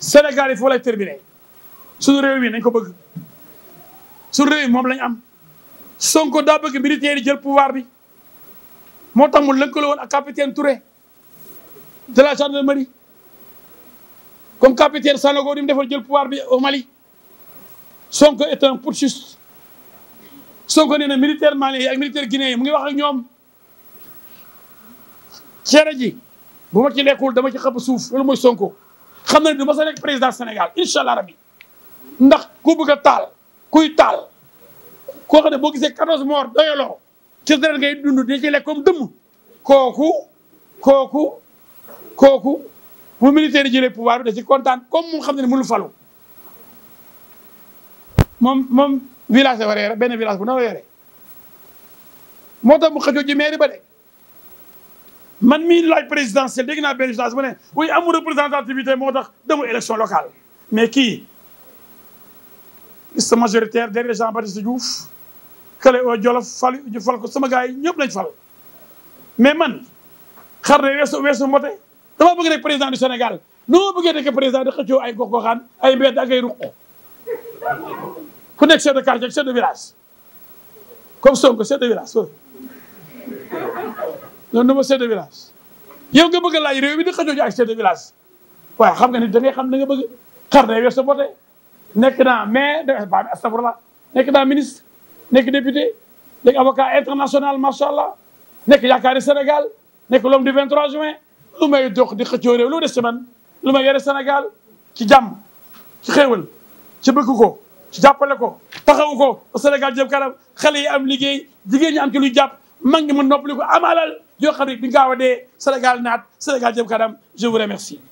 Sénégal yi foo lay terminé suñu réew wi nañ ko bëgg suñu réew mi moom lañ am Sonko daa bëgg militaire jël pouvoir bi moo tax mu lëkkaloo woon ak capitaine Touré de la gendarmerie comme capitaine Sanogo di mu defal jël pouvoir bi au Mali Sonko est un putschiste Sonko nee na militaire malien yi ak militaire guinéen yi mu ngi wax ak ñoom cere ji bu ci lekkul dama ci xëpp suuf loolu mooy Sonko. xam na ne du ma sa nekk président Sénégal incha allah rabi ndax ku bëgg taal kuy taal koo xam ne boo gisee 14 morts doyaloo ci deret ngay dund di ci lekk comme dëmm kooku kooku kooku bu militaire yi jëlee pouvoir da ci kontaan comme mu xam ne ne mënul falu moom moom village la war a yore benn village bu ndaw la yore moo tax mu xëccoo ci mairie ba de man mii laaj présidentielle dégg naa benn instance mu ne oui amul représentativité moo tax demul élection locale mais kii liste majoritaire derrière Jean Baptiste Diouf kële Jolof fal ñu fal ko sama gars yi ñëpp lañ fal mais man xar ne weesu weesu mbote dama bëgg nekk président du Sénégal nu ma bëggee nekk président di ay gox-goxaan ay mbedd ak ay ku nekk chef de quartier chef de village comme Sonko chef de village loolu dama chef de village yow nga réew mi di xajoo ji ak chef xam nga ni da ngay xam na nga bëgg xar day wees sa nekk naa maire de ba astafurlah nekk naa ministre nekk député nekk avocat international macha allah nekk yaakaari Sénégal nekk l'homme du 23 juin lu may dox di xëccoo réew lu des ci lu may yore Sénégal ci jàmm ci xéewal ci bëgg ko ci jàppale ko taxawu ko Sénégal jëm kanam xale yi am liggéey jigéen ñi am ci luy jàpp mag ñi mën noppali ko am alal yoo xam ne di gaaw a dee Sénégal naat Sénégal jëm kanam je vous remercie